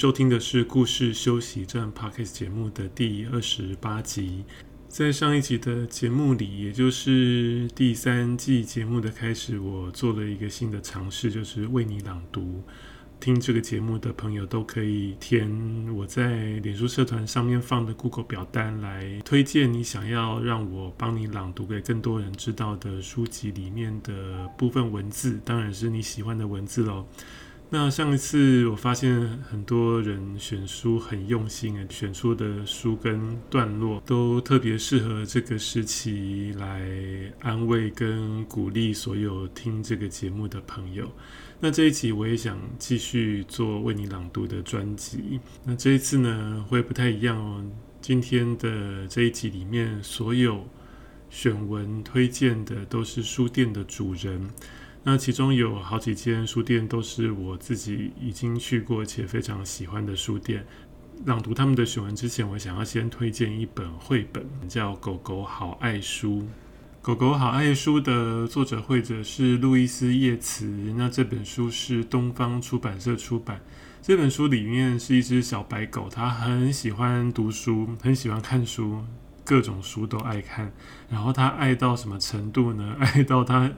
收聽的是《故事休息站》Podcast 節目的第二十八集。在上一集的節目裡，也就是第三季節目的開始，我做了一個新的嘗試，就是為你朗讀。聽這個節目的朋友都可以填我在臉書社團上面放的 Google 表單來推薦你想要讓我幫你朗讀給更多人知道的書籍裡面的部分文字，當然是你喜歡的文字囉。那上一次我發現很多人選書很用心誒，選出的書跟段落都特別適合這個時期來安慰跟鼓勵所有聽這個節目的朋友。那這一集我也想繼續做為你朗讀的專輯。那這一次呢，會不太一樣哦。今天的這一集裡面，所有選文推薦的都是書店的主人。那其中有好幾間書店都是我自己已經去過且非常喜歡的書店。朗讀他們的選文之前，我想要先推薦一本繪本，叫《狗狗好愛書》。《狗狗好愛書》的作者繪者是路易斯·葉茨。那這本書是東方出版社出版。這本書裡面是一隻小白狗，它很喜歡讀書，很喜歡看書，各種書都愛看。然後它愛到什麼程度呢？愛到它。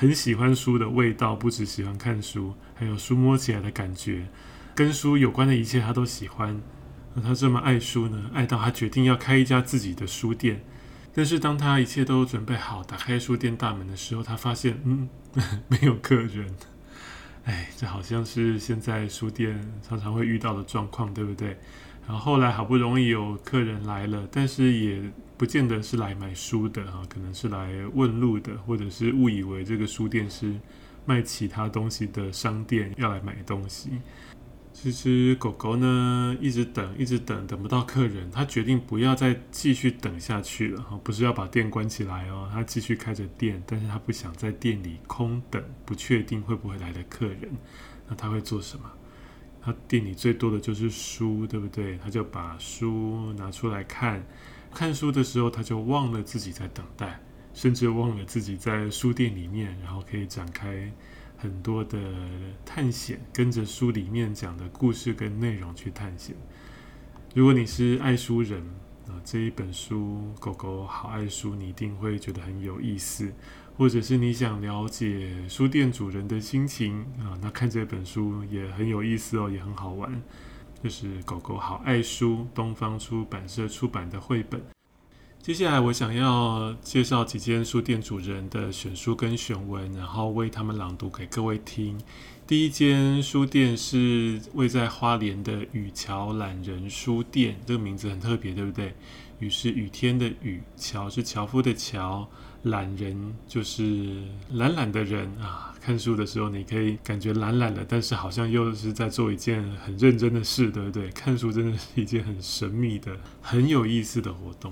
很喜歡書的味道，不只喜歡看書，還有書摸起來的感覺，跟書有關的一切他都喜歡。那他這麼愛書呢？愛到他決定要開一家自己的書店。但是當他一切都準備好，打開書店大門的時候，他發現，嗯，沒有客人。唉，這好像是現在書店常常會遇到的狀況，對不對？然後後來好不容易有客人來了，但是也……不見得是來買書的哈，可能是來問路的，或者是誤以為這個書店是賣其他東西的商店，要來買東西。其實狗狗呢，一直等，一直等，等不到客人，他決定不要再繼續等下去了哈，不是要把店關起來哦，他繼續開着店，但是他不想在店裡空等，不確定會不會來的客人。那他會做什麼？他店裡最多的就是書，對不對？他就把書拿出來看。看書的時候，他就忘了自己在等待，甚至忘了自己在書店裡面，然後可以展開很多的探險，跟着書裡面講的故事跟內容去探險。如果你是愛書人啊、呃，這一本書《狗狗好愛書》，你一定會覺得很有意思，或者是你想了解書店主人的心情啊、呃，那看這本書也很有意思哦，也很好玩。就是狗狗好愛書，東方出版社出版的繪本。接下來我想要介紹幾間書店主人的選書跟選文，然後為他們朗讀給各位聽。第一間書店是位在花蓮的雨樵懶人書店，這個名字很特別，對不對？雨是雨天的雨，樵是樵夫的樵，懶人就是懶懶的人啊。看書的時候，你可以感覺懶懶的，但是好像又是在做一件很認真的事，對不對？看書真的是一件很神秘的、很有意思的活動。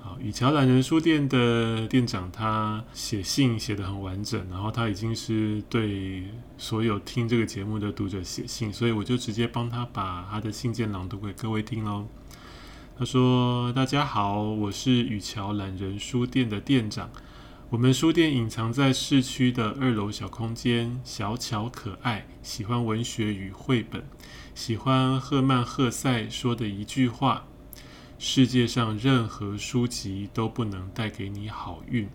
好，雨樵懶人書店的店長他寫信寫得很完整，然後他已經是對所有聽這個節目的讀者寫信，所以我就直接幫他把他的信件朗讀給各位聽嘍。他說：“大家好，我是雨樵懶人書店的店長。”我們書店隱藏在市區的二樓小空間，小巧可愛。喜歡文學與繪本，喜歡赫曼·赫塞說的一句話：“世界上任何書籍都不能帶給你好運，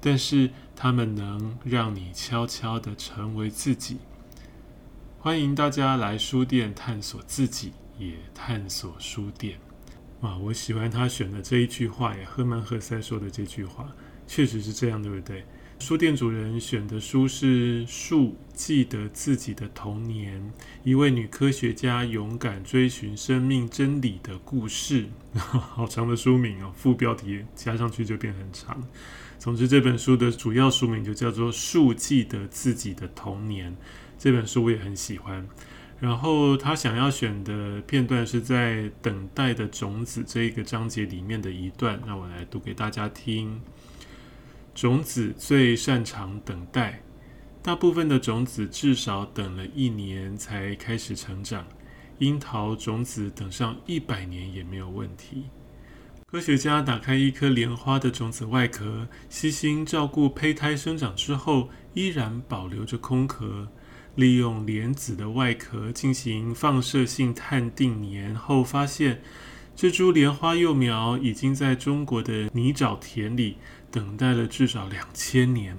但是他們能讓你悄悄的成為自己。”歡迎大家來書店探索自己，也探索書店。哇，我喜歡他選的這一句話呀，也赫曼·赫塞說的這句話。確實是這樣，對不對？書店主人選的書是《樹記得自己的童年》，一位女科學家勇敢追尋生命真理的故事。呵呵好長的書名哦，副標題加上去就變很長。總之，這本書的主要書名就叫做《樹記得自己的童年》。這本書我也很喜歡。然後，他想要選的片段是在《等待的種子》這一個章節裡面的一段。那我來讀給大家聽。種子最擅長等待，大部分的種子至少等了一年才開始成長，櫻桃種子等上一百年也沒有問題。科學家打開一顆蓮花的種子外殼，悉心照顧胚胎生長之後，依然保留着空殼。利用蓮子的外殼進行放射性碳定年後，發現這株蓮花幼苗已經在中國的泥沼田裡。等待了至少兩千年，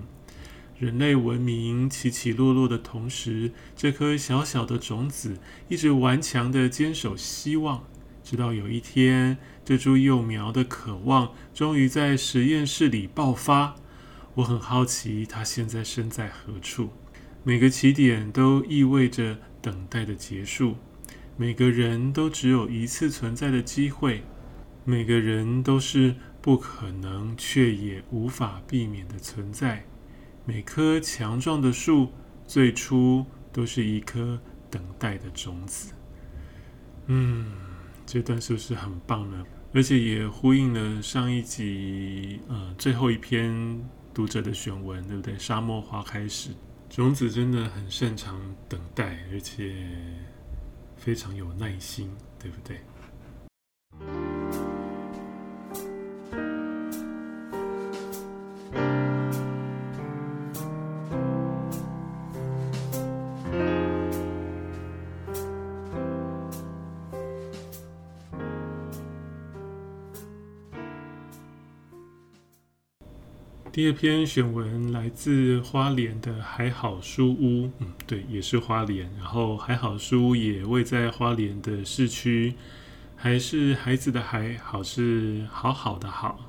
人類文明起起落落的同時，這顆小小的種子一直頑強地堅守希望，直到有一天，這株幼苗的渴望終於在實驗室裡爆發。我很好奇，它現在身在何處？每個起點都意味着等待的結束，每個人都只有一次存在的機會，每個人都是。不可能，卻也無法避免的存在。每棵強壯的樹，最初都是一顆等待的種子。嗯，這段是不是很棒呢？而且也呼應了上一集呃最後一篇讀者的選文，對不對？沙漠花開時，種子真的很擅長等待，而且非常有耐心，對不對？第二篇選文來自花蓮的孩好書屋，嗯，對，也是花蓮。然後孩好書屋也位在花蓮的市區，孩是孩子的孩，好是好好的好，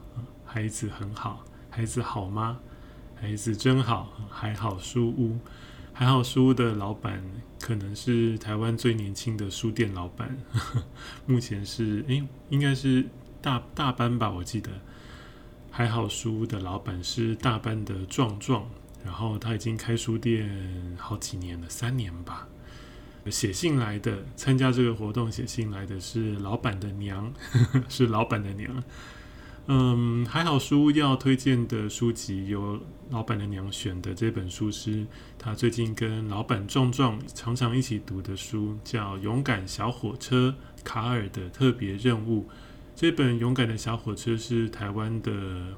孩子很好，孩子好嗎？孩子真好，孩好書屋。孩好書屋的老闆可能是台灣最年輕的書店老闆，呵呵，目前是，哎，應該是大大班吧，我記得。還好書屋的老闆是大班的壯壯，然後他已經開書店好幾年了，三年吧。寫信來的參加這個活動寫信來的是老闆的娘，呵呵，是老闆的娘。嗯，還好書屋要推薦的書籍由老闆的娘選的，這本書是他最近跟老闆壯壯常常一起讀的書，叫《勇敢小火車，卡爾的特別任務》。這本《勇敢的小火車》是台灣的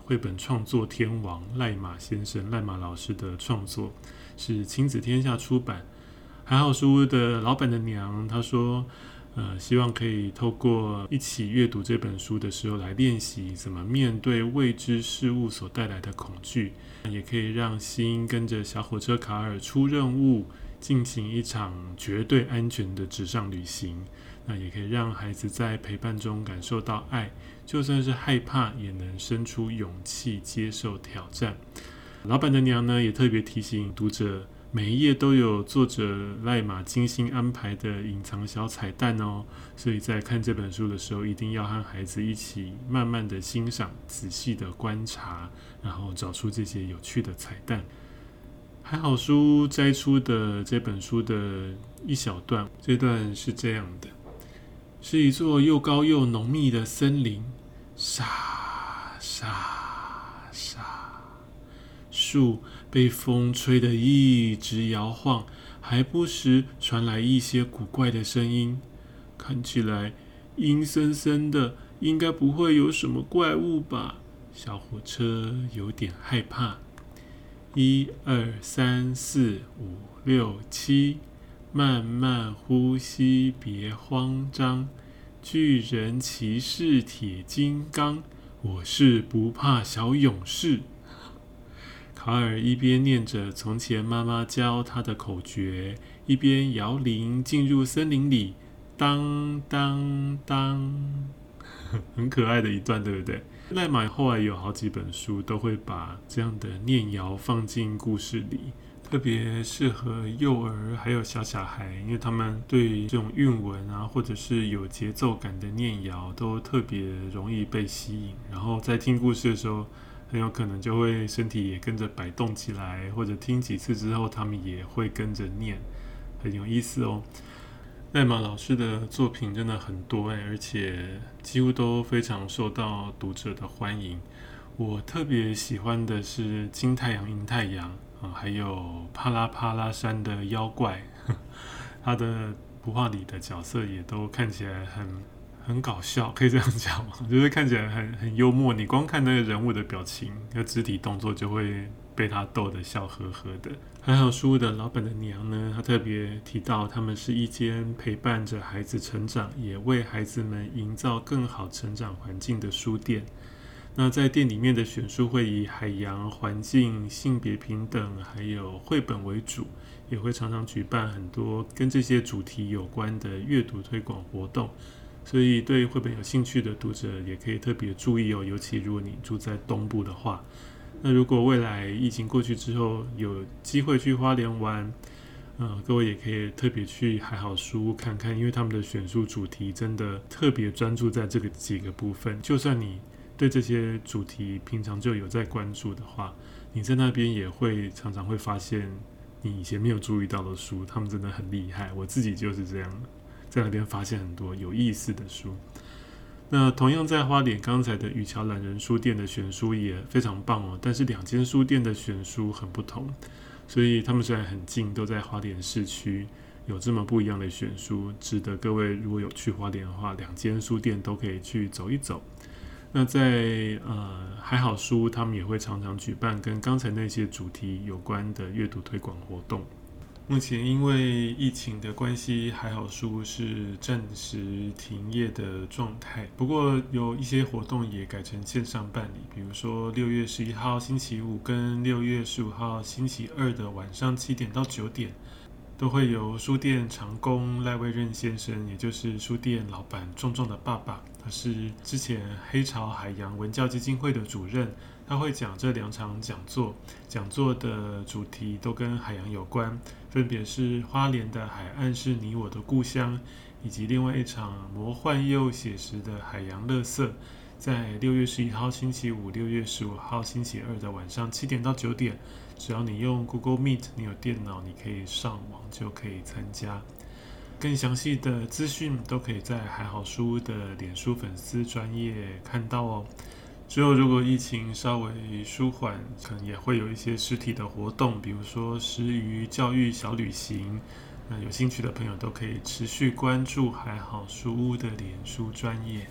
繪本創作天王賴馬先生、賴馬老師的創作，是親子天下出版。孩好書屋的老闆的娘她說：“呃，希望可以透過一起閱讀這本書的時候，來練習怎麼面對未知事物所帶來的恐懼，也可以讓心跟着小火車卡爾出任務，進行一場絕對安全的紙上旅行。”那也可以讓孩子在陪伴中感受到愛，就算是害怕，也能生出勇氣接受挑戰。老闆的娘呢，也特別提醒讀者，每一頁都有作者賴馬精心安排的隱藏小彩蛋哦，所以在看這本書的時候，一定要和孩子一起慢慢的欣賞，仔細的觀察，然後找出這些有趣的彩蛋。孩好書屋摘出的這本書的一小段，這段是這樣的。是一座又高又濃密的森林，沙沙沙，樹被風吹得一直搖晃，還不時傳來一些古怪的聲音，看起來陰森森的，應該不會有什麼怪物吧？小火車有點害怕。一二三四五六七。慢慢呼吸，別慌張。巨人騎士鐵金剛，我是不怕小勇士。卡爾一邊念着從前媽媽教他的口訣，一邊搖鈴進入森林裡，噹噹噹。很可愛的一段，對不對？賴馬後來有好幾本書都會把這樣的念謠放進故事裡。特別適合幼兒還有小小孩，因為他們對這種韻文啊，或者是有節奏感的念謠，都特別容易被吸引。然後在聽故事的時候，很有可能就會身體也跟着擺動起來，或者聽幾次之後，他們也會跟着念，很有意思哦。賴馬老師的作品真的很多哎、欸，而且幾乎都非常受到讀者的歡迎。我特別喜歡的是《金太陽銀太陽》。啊、嗯，還有帕拉帕拉山的妖怪，呵，他的圖畫裡的角色也都看起來很很搞笑，可以這樣講嗎？就是看起來很很幽默，你光看那個人物的表情和肢體動作，就會被他逗得笑呵呵的。孩好書屋的老板的娘呢，他特別提到，他們是一間陪伴着孩子成長，也為孩子們營造更好成長環境的書店。那在店裡面的選書會以海洋環境、性別平等，還有繪本為主，也會常常舉辦很多跟這些主題有關的閱讀推廣活動。所以對繪本有興趣的讀者也可以特別注意哦，尤其如果你住在東部的話。那如果未來疫情過去之後有機會去花蓮玩，嗯、呃，各位也可以特別去孩好書屋看看，因為他們的選書主題真的特別專注在這個幾個部分，就算你。對這些主題，平常就有在關注的話，你在那邊也會常常會發現你以前沒有注意到的書，他們真的很厲害。我自己就是這樣，在那邊發現很多有意思的書。那同樣在花蓮，剛才的雨樵懶人書店的選書也非常棒哦。但是兩間書店的選書很不同，所以他們雖然很近，都在花蓮市區，有這麼不一樣的選書，值得各位如果有去花蓮的話，兩間書店都可以去走一走。那在呃，孩好書他們也會常常舉辦跟剛才那些主題有關的閱讀推廣活動。目前因為疫情的關係，孩好書是暫時停業的狀態。不過有一些活動也改成線上辦理，比如說六月十一號星期五跟六月十五號星期二的晚上七點到九點。都會由書店長工賴威任先生，也就是書店老板壯壯的爸爸，他是之前黑潮海洋文教基金會的主任，他會講這兩場講座，講座的主題都跟海洋有關，分別是花蓮的海岸是你我的故鄉，以及另外一場魔幻又寫實的海洋垃圾。在六月十一號星期五、六月十五號星期二的晚上七點到九點，只要你用 Google Meet，你有電腦，你可以上網就可以參加。更詳細的資訊都可以在孩好書屋的臉書粉絲專頁看到哦。之後如果疫情稍微舒緩，可能也會有一些實體的活動，比如說食魚教育小旅行，那有興趣的朋友都可以持續關注孩好書屋的臉書專頁。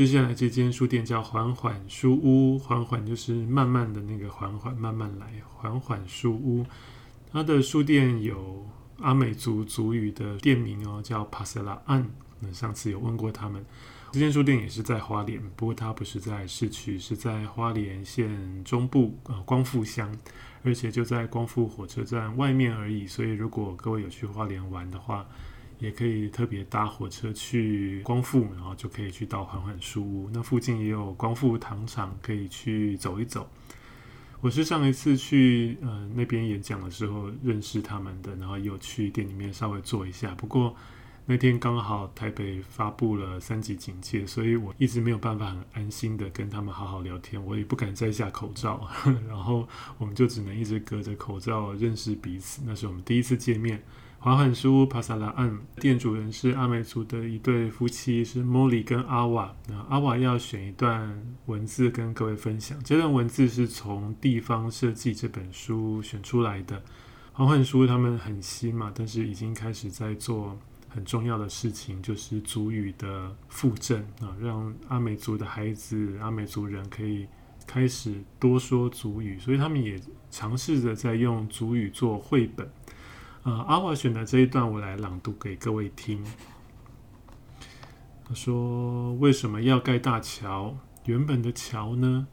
接下來這間書店叫“緩緩書屋”，“緩緩”就是慢慢的那個“緩緩”，慢慢來。緩緩書屋，它的書店有阿美族族語的店名哦，叫 “Pasala An”。那上次有問過他們，這間書店也是在花蓮，不過它不是在市區，是在花蓮縣中部啊、呃、光復鄉，而且就在光復火車站外面而已。所以如果各位有去花蓮玩的話，也可以特別搭火車去光復，然後就可以去到緩緩書屋。那附近也有光復糖廠，可以去走一走。我是上一次去呃那邊演講的時候認識他們的，然後有去店裡面稍微坐一下。不過那天剛好台北發布了三級警戒，所以我一直沒有辦法很安心的跟他們好好聊天，我也不敢摘下口罩， 然後我們就只能一直隔着口罩認識彼此。那是我們第一次見面。《緩緩書屋》帕薩拉案店主人是阿美族的一對夫妻，是莫莉跟阿瓦。那阿瓦要選一段文字跟各位分享，這段文字是從《地方設計》這本書選出來的。《緩緩書屋》他們很新嘛，但是已經開始在做很重要的事情，就是族語的復振啊，讓阿美族的孩子、阿美族人可以開始多說族語，所以他們也嘗試着在用族語做繪本。啊、阿瓦選的這一段，我來朗讀給各位聽。他說：“為什麼要蓋大橋？原本的橋呢？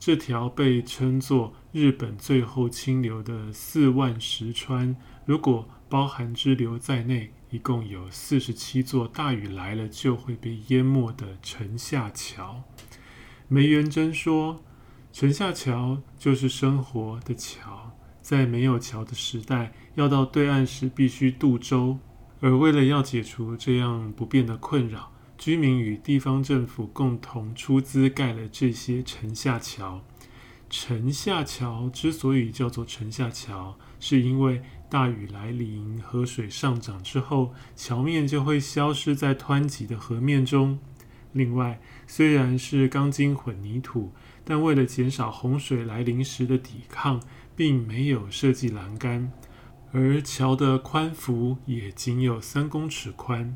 這條被稱作日本最後清流的四萬十川，如果包含支流在內，一共有四十七座大雨來了就會被淹沒的城下橋。”梅元珍說：“城下橋就是生活的橋。”在沒有橋的時代，要到對岸時必須渡舟。而為了要解除這樣不便的困擾，居民與地方政府共同出資蓋了這些沉下橋。沉下橋之所以叫做沉下橋，是因為大雨來臨、河水上漲之後，橋面就會消失在湍急的河面中。另外，雖然是鋼筋混凝土，但為了減少洪水來臨時的抵抗，並沒有設計欄杆，而橋的寬幅也僅有三公尺寬。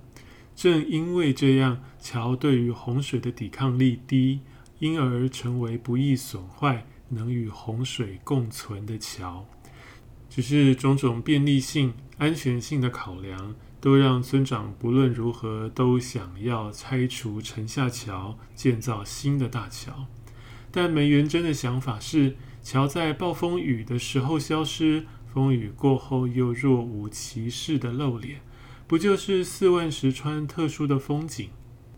正因為這樣，橋對於洪水的抵抗力低，因而成為不易損壞、能與洪水共存的橋。只是種種便利性、安全性的考量，都讓村長不論如何都想要拆除城下橋，建造新的大橋。但梅元真的想法是。橋在暴風雨的時候消失，風雨過後又若無其事的露臉，不就是四萬十川特殊的風景？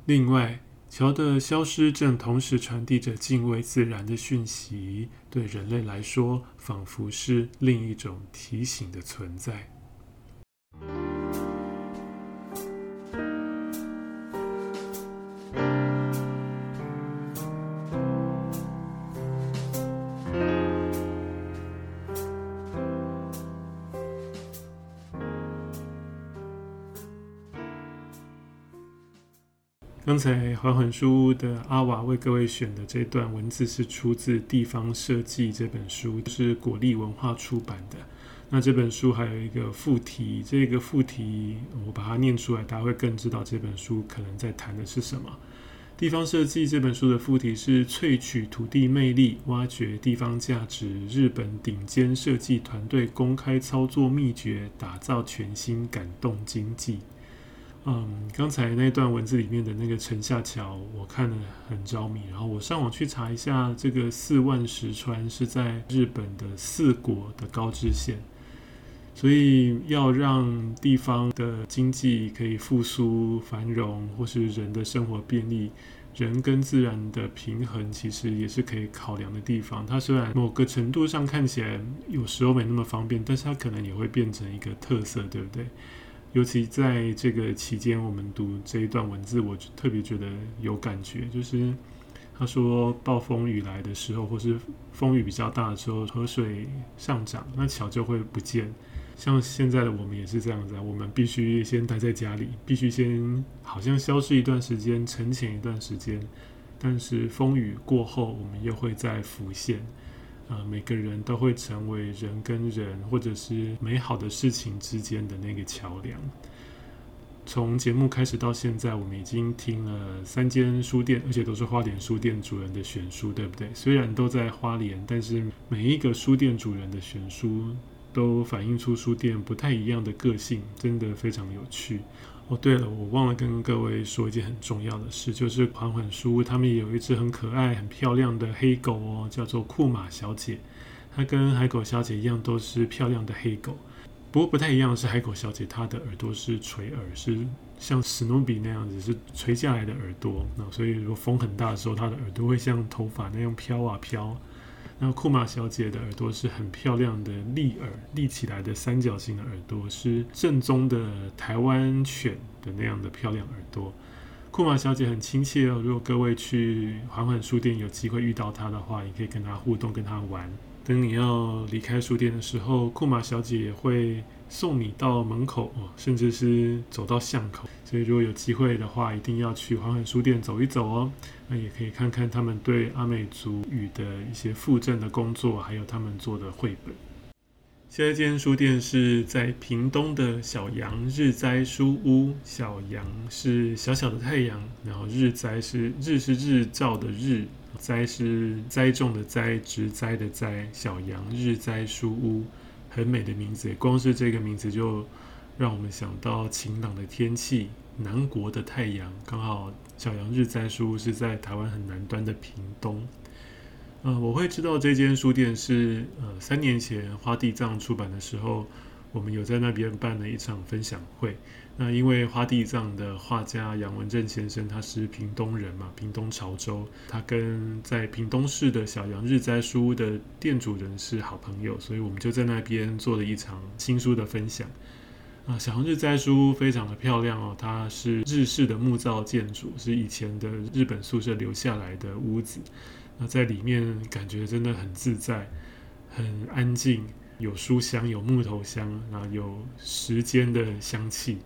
另外，橋的消失正同時傳遞着敬畏自然的訊息，對人類來說，仿佛是另一種提醒的存在。在緩緩書屋的阿瓦為各位選的這段文字是出自《地方設計》這本書，是果力文化出版的。那這本書還有一個副題，這個副題我把它念出來，大家會更知道這本書可能在談的是什麼。《地方設計》這本書的副題是“萃取土地魅力，挖掘地方價值”，日本頂尖設計團隊公開操作秘訣，打造全新感動經濟。嗯，剛才那段文字裡面的那個城下橋，我看得很着迷。然後我上網去查一下，這個四萬石川是在日本的四國的高知縣。所以，要讓地方的經濟可以復甦繁榮，或是人的生活便利，人跟自然的平衡，其實也是可以考量的地方。它雖然某個程度上看起來有時候沒那麼方便，但是它可能也會變成一個特色，對不對？尤其在這個期間，我們讀這一段文字，我就特別覺得有感覺。就是他說，暴風雨來的時候，或是風雨比較大的時候，河水上漲，那橋就會不見。像現在的我們也是這樣子啊，我們必須先待在家裡，必須先好像消失一段時間，沉潛一段時間。但是風雨過後，我們又會再浮現。呃，每個人都會成為人跟人，或者是美好的事情之間的那個橋樑。從節目開始到現在，我們已經聽了三間書店，而且都是花蓮書店主人的選書，對不對？雖然都在花蓮，但是每一個書店主人的選書都反映出書店不太一樣的個性，真的非常有趣。哦，oh, 對了，我忘了跟各位說一件很重要的事，就是緩緩書，他們也有一隻很可愛、很漂亮的黑狗哦，叫做庫馬小姐。它跟海狗小姐一樣都是漂亮的黑狗，不過不太一樣的是，海狗小姐它的耳朵是垂耳，是像史努比那樣子是垂下來的耳朵，那、哦、所以如果風很大的時候，它的耳朵會像頭髮那樣飄啊飄。那庫瑪小姐的耳朵是很漂亮的立耳，立起來的三角形的耳朵，是正宗的台灣犬的那樣的漂亮耳朵。庫瑪小姐很親切哦，如果各位去緩緩書店有機會遇到她的話，也可以跟她互動，跟她玩。等你要離開書店的時候，庫瑪小姐也會送你到門口哦，甚至是走到巷口。所以如果有機會的話，一定要去緩緩書店走一走哦。那也可以看看他們對阿美族語的一些復振的工作，還有他們做的繪本。現在，這間書店是在屏東的小陽日栽書屋。小陽是小小的太陽，然後日栽是日是日照的日，栽是栽種的栽，植栽的栽。小陽日栽書屋，很美的名字，光是這個名字就讓我們想到晴朗的天氣，南國的太陽，剛好。小楊日栽書屋是在台灣很南端的屏東，呃，我會知道這間書店是呃三年前花地藏出版的時候，我們有在那邊辦了一場分享會。那因為花地藏的畫家楊文正先生他是屏東人嘛，屏東潮州，他跟在屏東市的小楊日栽書屋的店主人是好朋友，所以我們就在那邊做了一場新書的分享。啊，小陽日栽書屋非常的漂亮哦，它是日式的木造建築，是以前的日本宿舍留下來的屋子。那在裡面感覺真的很自在，很安靜，有書香，有木頭香，然後有時間的香氣。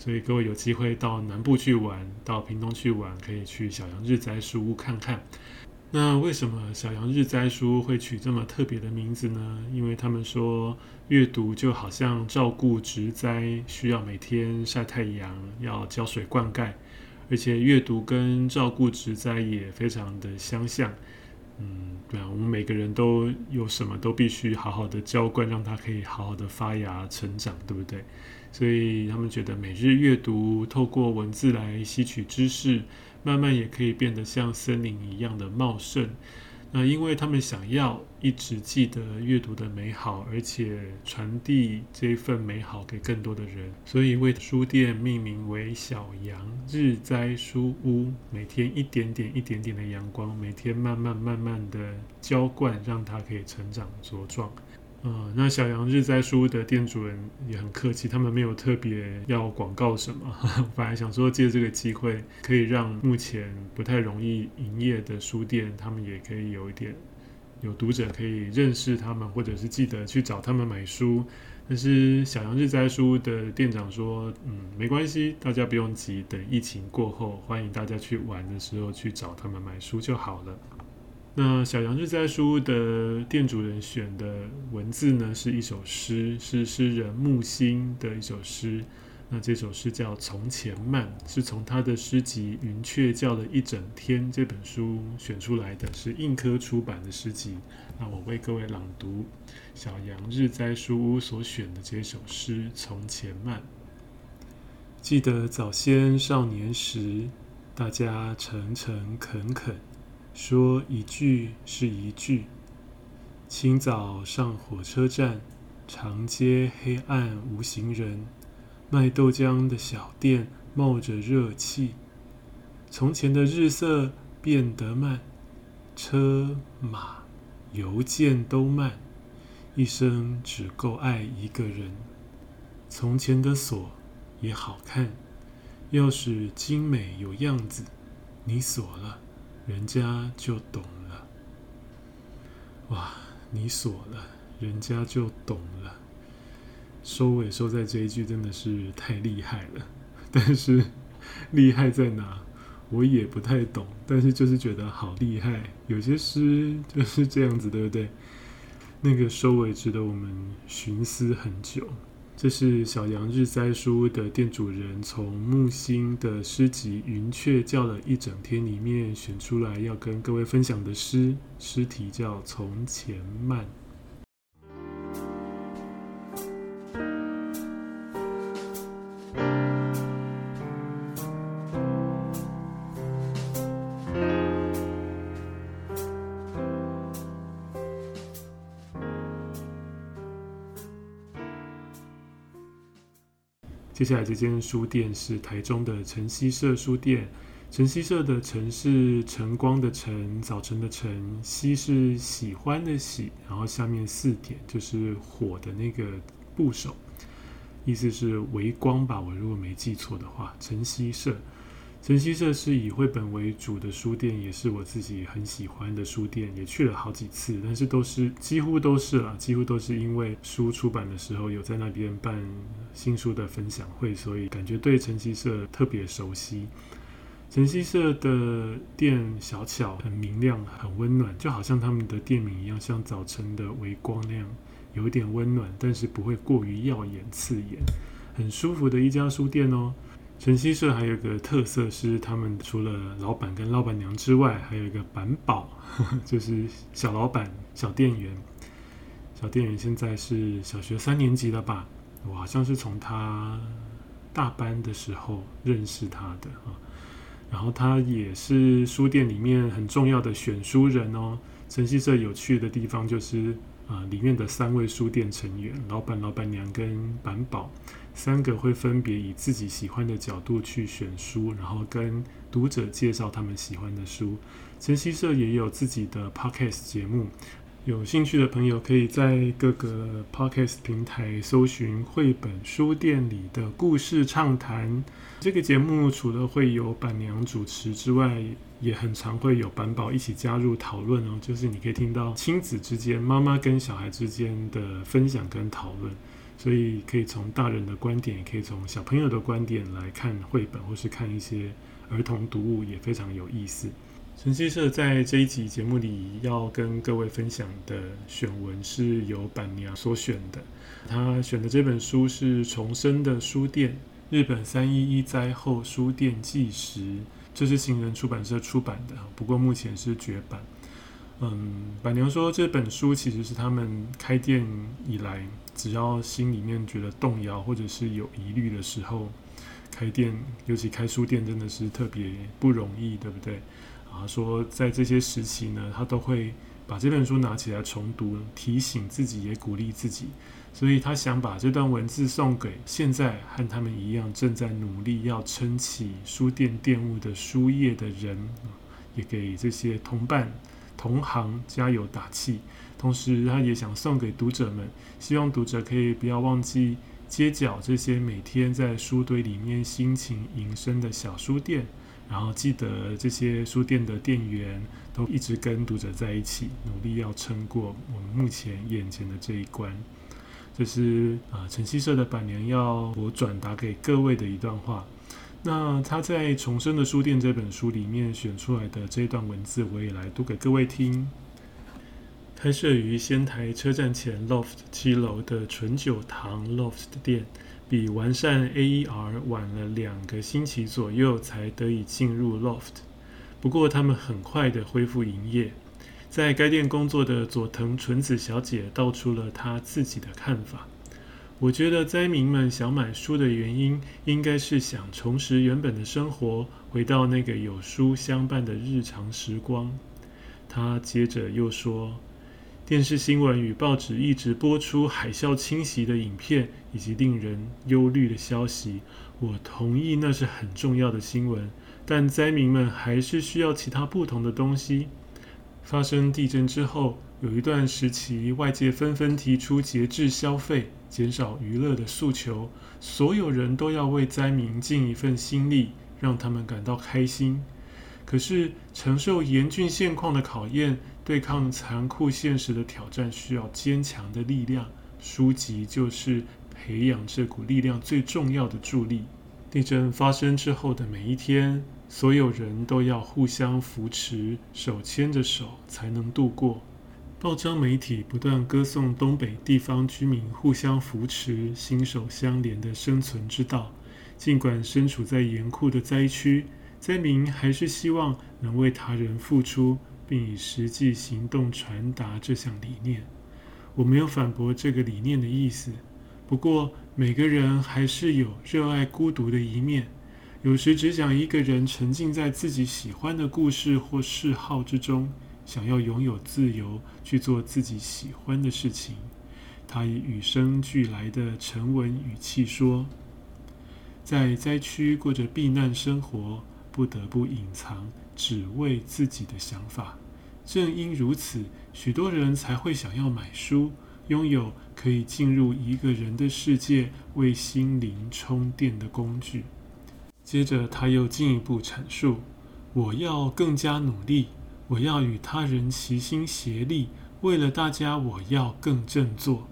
所以各位有機會到南部去玩，到屏東去玩，可以去小陽日栽書屋看看。那為什麼小陽日栽書會取這麼特別的名字呢？因為他們說，閱讀就好像照顧植栽，需要每天曬太陽，要澆水灌溉，而且閱讀跟照顧植栽也非常的相像。嗯，對啊，我們每個人都有什麼都必須好好的澆灌，讓它可以好好的發芽成長，對不對？所以他們覺得每日閱讀，透過文字來吸取知識。慢慢也可以變得像森林一樣的茂盛，那因為他們想要一直記得閱讀的美好，而且傳遞這份美好給更多的人，所以為書店命名為“小陽。日栽書屋”，每天一點點、一點點的陽光，每天慢慢、慢慢的澆灌，讓它可以成長茁壯。呃、嗯，那小陽日栽書的店主人也很客氣，他們沒有特別要廣告什麼，哈哈，本來想說借這個機會可以讓目前不太容易營業的書店，他們也可以有一點有讀者可以認識他們，或者是記得去找他們買書。但是小陽日栽書的店長說，嗯，沒關係，大家不用急，等疫情過後，歡迎大家去玩的時候去找他們買書就好了。那小楊日栽書屋的店主人選的文字呢，是一首詩，是詩人木心的一首詩。那這首詩叫《從前慢》，是從他的詩集《雲雀叫了一整天》這本書選出來的，是印刻出版的詩集。那我為各位朗讀小楊日栽書屋所選的這首詩《從前慢》。記得早先少年時，大家誠誠懇懇。說一句是一句。清早上火車站，長街黑暗無行人，賣豆漿的小店冒着熱氣。從前的日色變得慢，車馬郵件都慢，一生只夠愛一個人。從前的鎖也好看，鑰匙精美有樣子，你鎖了。人家就懂了，哇！你鎖了，人家就懂了。收尾收在這一句真的是太厲害了，但是厲害在哪，我也不太懂。但是就是覺得好厲害，有些詩就是這樣子，對不對？那個收尾值得我們尋思很久。這是小楊日栽書屋的店主人從木心的詩集《雲雀叫了一整天》裡面選出來要跟各位分享的詩，詩題叫《從前慢》。接下來這間書店是台中的晨曦社書店。晨曦社的晨是晨光的晨，早晨的晨，曦是喜歡的喜。然後下面四點就是火的那個部首，意思是微光吧，我如果沒記錯的話，晨曦社。晨熹社是以繪本為主的書店，也是我自己很喜歡的書店，也去了好幾次，但是都是，幾乎都是啦，幾乎都是因為書出版的時候有在那邊辦新書的分享會，所以感覺對晨熹社特別熟悉。晨熹社的店小巧、很明亮、很溫暖，就好像他們的店名一樣，像早晨的微光那樣，有點溫暖，但是不會過於耀眼刺眼，很舒服的一家書店哦。晨熹社還有個特色是，他們除了老板跟老板娘之外，還有一個板寶，就是小老板、小店員。小店員現在是小學三年級了吧？我好像是從他大班的時候認識他的啊。然後他也是書店裡面很重要的選書人哦。晨熹社有趣的地方就是啊、呃，裡面的三位書店成員——老板、老板娘跟板寶。三個會分別以自己喜歡的角度去選書，然後跟讀者介紹他們喜歡的書。晨熹社也有自己的 podcast 節目，有興趣的朋友可以在各個 podcast 平台搜尋繪本書店裡的故事暢談。這個節目除了會有板娘主持之外，也很常會有板寶一起加入討論哦。就是你可以聽到親子之間、媽媽跟小孩之間的分享跟討論。所以可以從大人的觀點，也可以從小朋友的觀點來看繪本，或是看一些兒童讀物，也非常有意思。晨熹社在這一集節目裡要跟各位分享的選文是由板娘所選的，她選的這本書是《重生的書店》，日本三一一災後書店紀實，這是行人出版社出版的，不過目前是絕版。嗯，板娘說這本書其實是他們開店以來。只要心裡面覺得動搖或者是有疑慮的時候，開店，尤其開書店，真的是特別不容易，對不對？啊，說在這些時期呢，他都會把這本書拿起來重讀，提醒自己，也鼓勵自己。所以他想把這段文字送給現在和他們一樣正在努力要撐起書店店務的書業的人，也給這些同伴、同行加油打氣。同時，他也想送給讀者們，希望讀者可以不要忘記街角這些每天在書堆裡面辛勤營生的小書店，然後記得這些書店的店員都一直跟讀者在一起，努力要撐過我們目前眼前的這一關。這是啊，晨、呃、熹社的板娘要我轉達給各位的一段話。那他在《重生的書店》這本書裡面選出來的這段文字，我也來讀給各位聽。開設於仙台車站前 Loft 七樓的純酒堂 Loft 店，比完善 AER 晚了兩個星期左右才得以進入 Loft。不過他們很快地恢復營業。在該店工作的佐藤純子小姐道出了她自己的看法：“我覺得災民們想買書的原因，應該是想重拾原本的生活，回到那個有書相伴的日常時光。”她接着又說：電視新聞與報紙一直播出海嘯侵襲的影片以及令人憂慮的消息。我同意那是很重要的新聞，但災民們還是需要其他不同的東西。發生地震之後，有一段時期外界紛紛提出節制消費、減少娛樂的訴求，所有人都要為災民盡一份心力，讓他們感到開心。可是承受嚴峻現況的考驗。對抗殘酷現實的挑戰需要堅強的力量，書籍就是培養這股力量最重要的助力。地震發生之後的每一天，所有人都要互相扶持，手牽着手才能度過。報章媒體不斷歌頌東北地方居民互相扶持、心手相連的生存之道。盡管身處在嚴酷的災區，災民還是希望能為他人付出。並以實際行動傳達這項理念。我沒有反駁這個理念的意思，不過每個人還是有熱愛孤獨的一面。有時只想一個人沉浸在自己喜歡的故事或嗜好之中，想要擁有自由去做自己喜歡的事情。他以與生俱來的沉穩語氣說：“在災區過着避難生活。”不得不隱藏，只為自己的想法。正因如此，許多人才會想要買書，擁有可以進入一個人的世界、為心靈充電的工具。接着，他又進一步闡述：“我要更加努力，我要與他人齊心協力，為了大家，我要更振作。”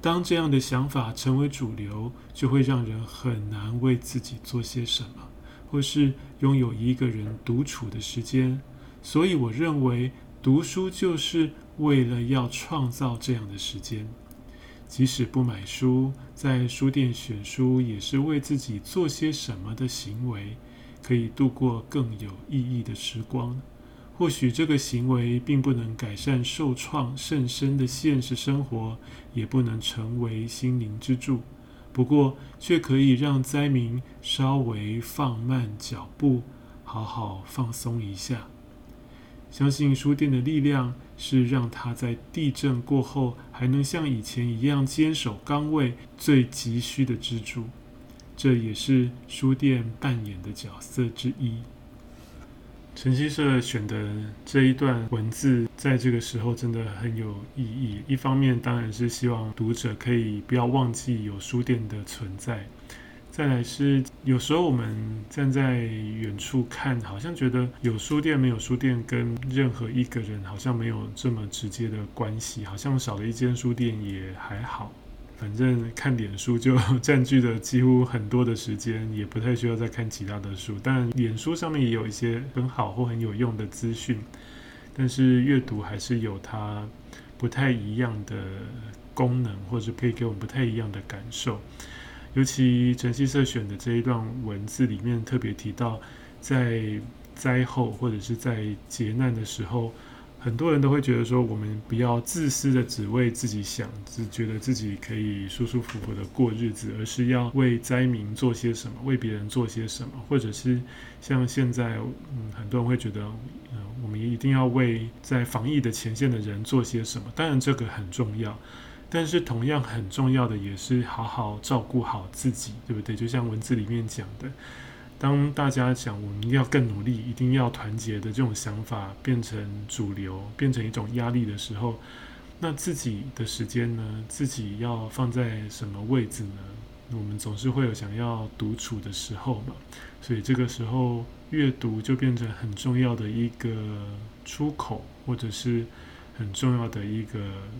當這樣的想法成為主流，就會讓人很難為自己做些什麼。或是擁有一個人獨處的時間，所以我認為讀書就是為了要創造這樣的時間。即使不買書，在書店選書也是為自己做些什麼的行為，可以度過更有意義的時光。或許這個行為並不能改善受創甚深的現實生活，也不能成為心靈支柱。不過，却可以讓災民稍微放慢腳步，好好放鬆一下。相信書店的力量，是讓他在地震過後還能像以前一樣堅守崗位最急需的支柱。這也是書店扮演的角色之一。晨熹社選的這一段文字，在這個時候真的很有意義。一方面，當然是希望讀者可以不要忘記有書店的存在；再來是，有時候我們站在遠處看，好像覺得有書店沒有書店，跟任何一個人好像沒有這麼直接的關係，好像少了一間書店也還好。反正看臉書就占據了幾乎很多的時間，也不太需要再看其他的書。但臉書上面也有一些很好或很有用的資訊，但是閱讀還是有它不太一樣的功能，或者是可以給我們不太一樣的感受。尤其晨熹社選的這一段文字裡面特別提到，在災後或者是在劫難的時候。很多人都會覺得說，我們不要自私的只為自己想，只覺得自己可以舒舒服服的過日子，而是要為災民做些什麼，為別人做些什麼，或者是像現在，嗯，很多人會覺得，嗯、呃，我們也一定要為在防疫的前線的人做些什麼，當然這個很重要，但是同樣很重要的也是好好照顧好自己，對不對？就像文字裡面講的。當大家講我們要更努力，一定要團結的這種想法變成主流，變成一種壓力的時候，那自己的時間呢？自己要放在什麼位置呢？我們總是會有想要獨處的時候嘛，所以這個時候閱讀就變成很重要的一個出口，或者是很重要的一個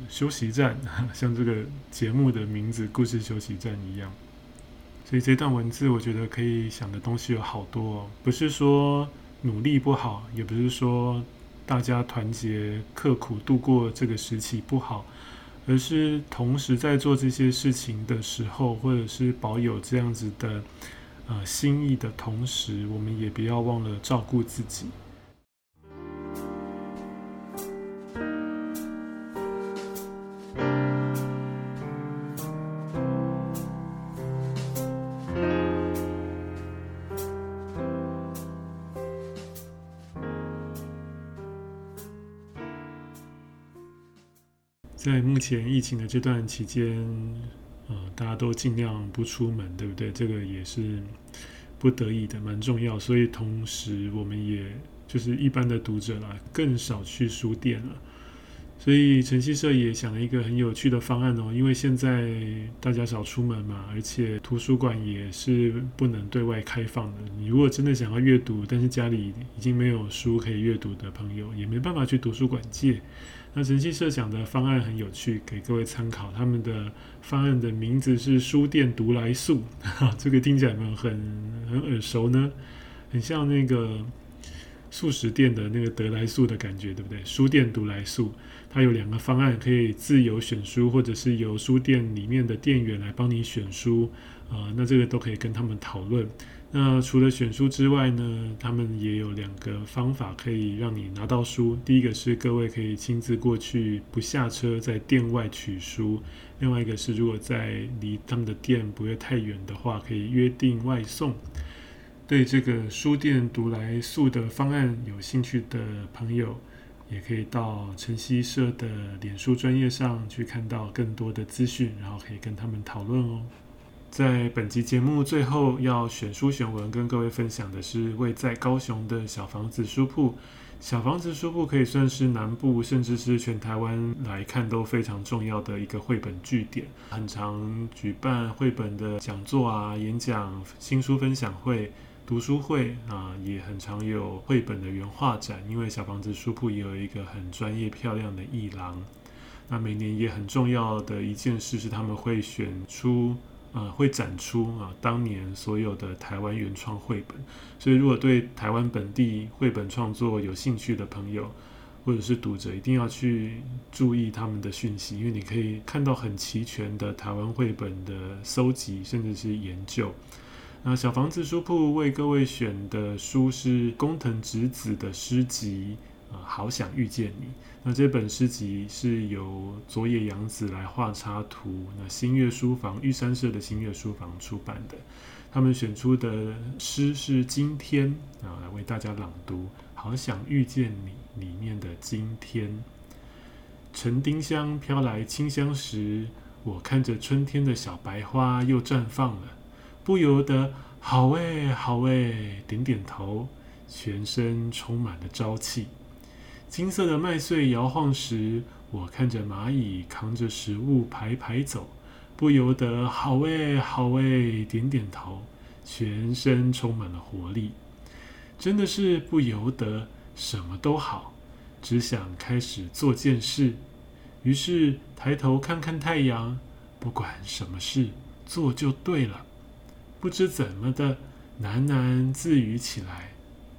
休息站，像這個節目的名字“故事休息站”一樣。所以這段文字，我覺得可以想的東西有好多哦。不是說努力不好，也不是說大家團結刻苦度過這個時期不好，而是同時在做這些事情的時候，或者是保有這樣子的呃心意的同時，我們也不要忘了照顧自己。以前疫情的這段期間，呃，大家都儘量不出門，對不對？這個也是不得已的，蠻重要。所以同時，我們也就是一般的讀者啦，更少去書店了。所以晨熹社也想了一個很有趣的方案哦，因為現在大家少出門嘛，而且圖書館也是不能對外開放的。你如果真的想要閱讀，但是家裡已經沒有書可以閱讀的朋友，也沒辦法去圖書館借。那晨熹設想的方案很有趣，給各位參考。他們的方案的名字是書店讀來素，哈哈，這個聽起來有沒有很很耳熟呢？很像那個素食店的那個得來素的感覺，對不對？書店讀來素，它有兩個方案，可以自由選書，或者是由書店裡面的店員來幫你選書啊、呃。那這個都可以跟他們討論。那除了選書之外呢，他們也有兩個方法可以讓你拿到書。第一個是各位可以親自過去，不下車在店外取書，另外一個是如果在離他們的店不會太遠的話，可以約定外送。對這個書店讀來速的方案有興趣的朋友，也可以到晨熹社的臉書專頁上去看到更多的資訊，然後可以跟他們討論哦。在本集節目最後要選書選文跟各位分享的是位在高雄的小房子書鋪小房子書鋪可以算是南部甚至是全臺灣來看都非常重要的一個繪本據點，很常舉辦繪本的講座啊、演講、新書分享會、讀書會啊，也很常有繪本的原畫展，因為小房子書鋪也有一個很專業漂亮的藝廊。那每年也很重要的一件事是他們會選出。呃，會展出啊，當年所有的台灣原創繪本，所以如果對台灣本地繪本創作有興趣的朋友，或者是讀者，一定要去注意他們的訊息，因為你可以看到很齊全的台灣繪本的蒐集，甚至是研究。那，啊，小房子書鋪為各位選的書是工藤直子的詩集。呃、好想遇見你。那這本詩集是由佐野洋子來畫插圖，那星月書房玉山社的星月書房出版的。他們選出的詩是今天啊，來、呃、為大家朗讀《好想遇見你》裡面的今天。晨丁香飄來清香時，我看着春天的小白花又綻放了，不由得好哎、欸、好哎、欸，點點頭，全身充滿了朝氣。金色的麥穗搖晃時，我看着螞蟻扛着食物排排走，不由得好喂、欸、好喂、欸，點點頭，全身充滿了活力，真的是不由得什麼都好，只想開始做件事。於是抬頭看看太陽，不管什麼事做就對了。不知怎麼的，喃喃自語起來，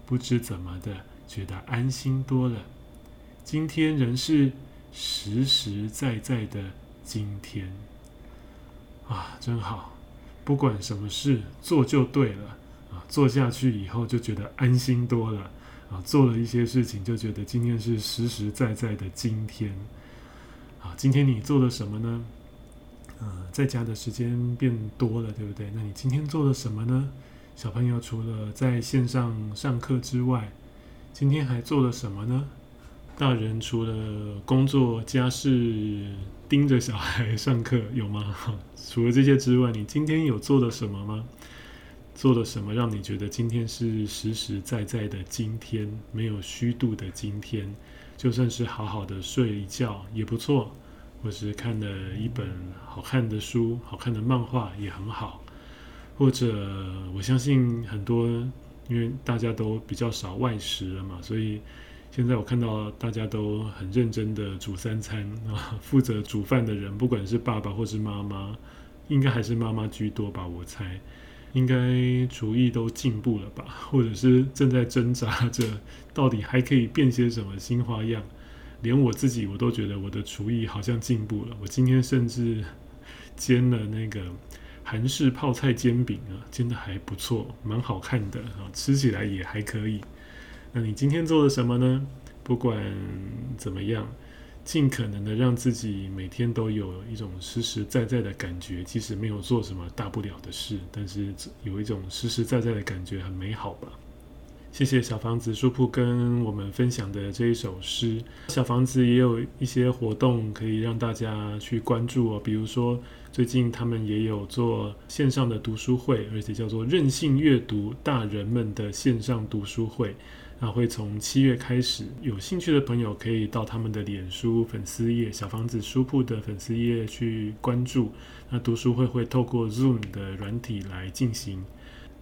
不知怎麼的，覺得安心多了。今天仍是實實在在的今天啊，真好！不管什麼事做就對了啊，做下去以後就覺得安心多了啊。做了一些事情，就覺得今天是實實在在的今天啊。今天你做了什麼呢？呃，在家的時間變多了，對不對？那你今天做了什麼呢？小朋友除了在線上上課之外，今天還做了什麼呢？大人除了工作、家事、盯着小孩上課，有嗎？除了這些之外，你今天有做了什麼嗎？做了什麼讓你覺得今天是實實在在的今天，沒有虛度的今天？就算是好好的睡一覺也不錯，或是看了一本好看的書、好看的漫畫也很好。或者我相信很多，因為大家都比較少外食了嘛，所以。現在我看到大家都很認真的煮三餐啊，負責煮飯的人，不管是爸爸或是媽媽，應該還是媽媽居多吧？我猜，應該廚藝都進步了吧？或者是正在掙扎着，到底還可以變些什麼新花樣？連我自己我都覺得我的廚藝好像進步了。我今天甚至煎了那個韓式泡菜煎餅啊，煎的還不錯，蠻好看的啊，吃起來也還可以。那你今天做了什麼呢？不管怎麼樣，盡可能的讓自己每天都有一種實實在在的感覺，其實沒有做什麼大不了的事，但是有一種實實在在的感覺很美好吧。謝謝小房子書鋪跟我們分享的這一首詩。小房子也有一些活動可以讓大家去關注哦，比如說最近他們也有做線上的讀書會，而且叫做“任性閱讀大人們的線上讀書會”。那、啊、會從七月開始，有興趣的朋友可以到他們的臉書粉絲頁“小房子書鋪”的粉絲頁去關注。那讀書會會透過 Zoom 的軟體來進行。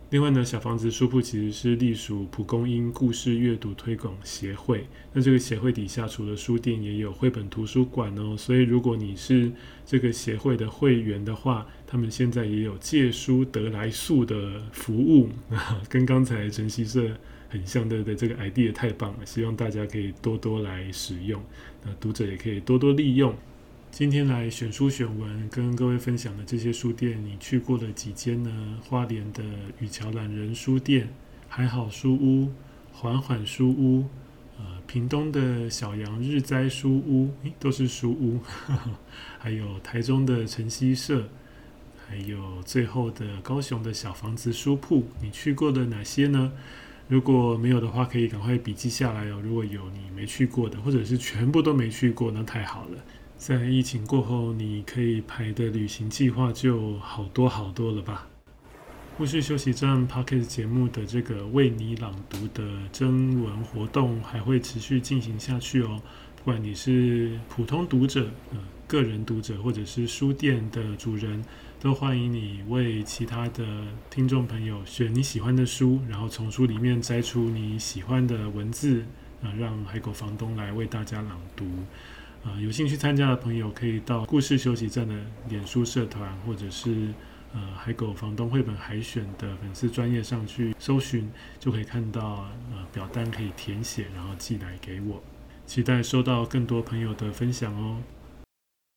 另外呢，小房子書鋪其實是隸屬蒲公英故事閱讀推廣協會。那這個協會底下除了書店，也有繪本圖書館哦。所以如果你是這個協會的會員的話，他們現在也有借書得來速的服務，啊、跟剛才晨熹社很像，對對，對，這個 idea 也太棒了，希望大家可以多多來使用。那讀者也可以多多利用。今天來選書選文跟各位分享的這些書店，你去過了幾間呢？花蓮的雨樵懶人書店、孩好書屋、緩緩書屋、呃，屏東的小陽。日栽書屋，都是書屋呵呵。還有台中的晨熹社，還有最後的高雄的小房子書鋪，你去過了哪些呢？如果沒有的話，可以趕快筆記下來哦。如果有你沒去過的，或者是全部都沒去過，那太好了。在疫情過後，你可以排的旅行計劃就好多好多了吧？故事 休息站 Podcast 節目的這個為你朗讀的徵文活動還會持續進行下去哦。不管你是普通讀者、呃，個人讀者，或者是書店的主人。都歡迎你為其他的聽眾朋友選你喜歡的書，然後從書裡面摘出你喜歡的文字，啊、呃，讓海狗房東來為大家朗讀。啊、呃，有興趣參加的朋友可以到故事休息站的臉書社團，或者是呃海狗房東繪本海選的粉絲專頁上去搜尋，就可以看到呃表單可以填寫，然後寄來給我。期待收到更多朋友的分享哦。